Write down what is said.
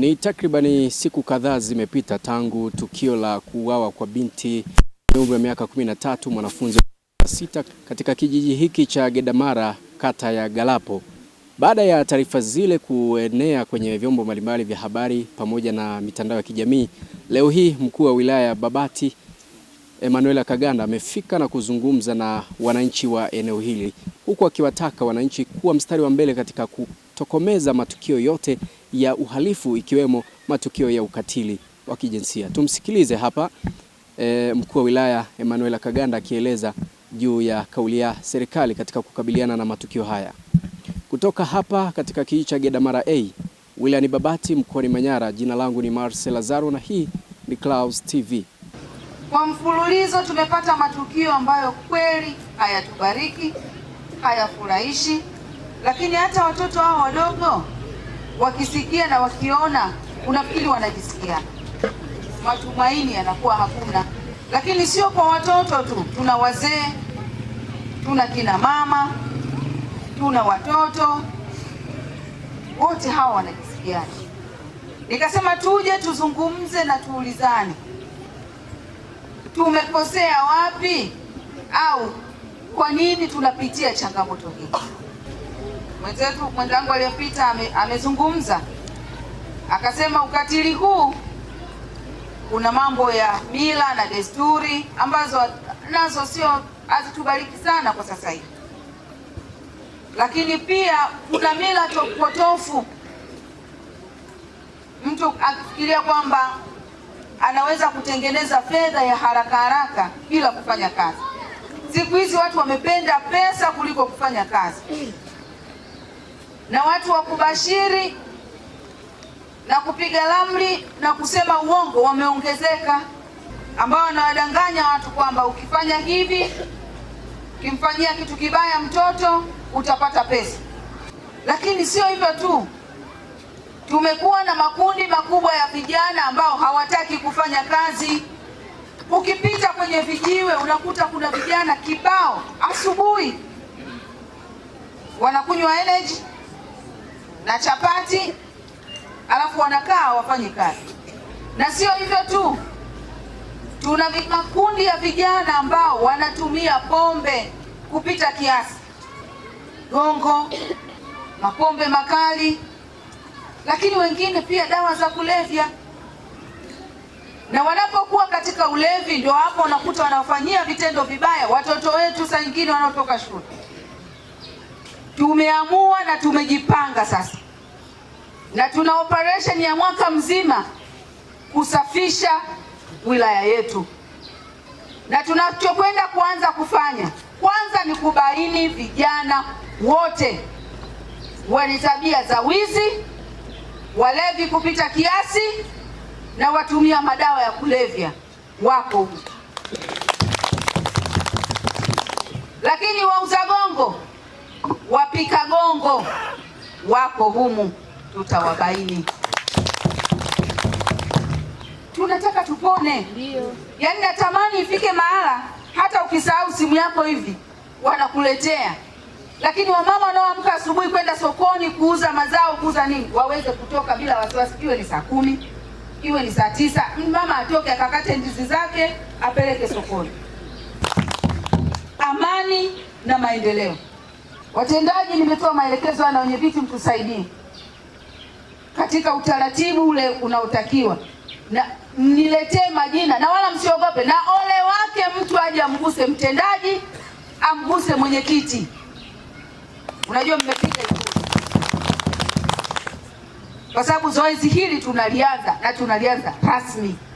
Ni takribani siku kadhaa zimepita tangu tukio la kuuawa kwa binti umri wa miaka 13 mwanafunzi wa sita katika kijiji hiki cha Gedamara kata ya Galapo. Baada ya taarifa zile kuenea kwenye vyombo mbalimbali vya habari pamoja na mitandao ya kijamii, leo hii mkuu wa wilaya ya Babati Emanuela Kaganda amefika na kuzungumza na wananchi wa eneo hili, huku akiwataka wananchi kuwa mstari wa mbele katika kutokomeza matukio yote ya uhalifu ikiwemo matukio ya ukatili wa kijinsia. Tumsikilize hapa e, mkuu wa wilaya Emanuela Kaganda akieleza juu ya kauli ya serikali katika kukabiliana na matukio haya. Kutoka hapa katika kijiji cha Gedamara A wilayani Babati mkoani Manyara, jina langu ni Marcel Lazaro na hii ni Clouds TV. Kwa mfululizo tumepata matukio ambayo kweli hayatubariki, hayafurahishi, lakini hata watoto hao wadogo wakisikia na wakiona, unafikiri wanajisikia matumaini yanakuwa hakuna. Lakini sio kwa watoto tu, tuna wazee, tuna kina mama, tuna watoto, wote hawa wanajisikiana. Nikasema tuje tuzungumze na tuulizane, tumekosea wapi au kwa nini tunapitia changamoto hii. Mwenzetu mwenzangu aliyepita ame, amezungumza akasema ukatili huu kuna mambo ya mila na desturi ambazo nazo sio hazitubariki sana kwa sasa hivi, lakini pia kuna mila potofu. Mtu akifikiria kwamba anaweza kutengeneza fedha ya haraka haraka bila kufanya kazi. Siku hizi watu wamependa pesa kuliko kufanya kazi na watu wa kubashiri na kupiga ramli na kusema uongo wameongezeka, ambao wanawadanganya watu kwamba ukifanya hivi, ukimfanyia kitu kibaya mtoto utapata pesa. Lakini sio hivyo tu, tumekuwa na makundi makubwa ya vijana ambao hawataki kufanya kazi. Ukipita kwenye vijiwe unakuta kuna vijana kibao, asubuhi wanakunywa energy na chapati, alafu wanakaa wafanye kazi. Na sio hivyo tu, tuna makundi ya vijana ambao wanatumia pombe kupita kiasi, gongo, mapombe makali, lakini wengine pia dawa za kulevya na wanapokuwa katika ulevi ndio hapo unakuta wanafanyia vitendo vibaya watoto wetu, saa nyingine wanaotoka shule tumeamua na tumejipanga sasa, na tuna operation ya mwaka mzima kusafisha wilaya yetu, na tunachokwenda kuanza kufanya kwanza ni kubaini vijana wote wenye tabia za wizi, walevi kupita kiasi na watumia madawa ya kulevya wako, lakini wauza wapika gongo wako humu, tutawabaini. Tunataka tupone, ndio. Yaani natamani ifike mahala hata ukisahau simu yako hivi wanakuletea, lakini wamama wanaoamka asubuhi kwenda sokoni kuuza mazao, kuuza nini, waweze kutoka bila wasiwasi, iwe ni saa kumi iwe ni saa tisa, mama atoke akakate ndizi zake apeleke sokoni. Amani na maendeleo. Watendaji, nimetoa maelekezo na wenye viti mtusaidie katika utaratibu ule unaotakiwa, na mniletee majina na wala msiogope, na ole wake mtu aje amguse mtendaji, amguse mwenyekiti. Unajua mmepiga kwa sababu zoezi hili tunalianza na tunalianza rasmi.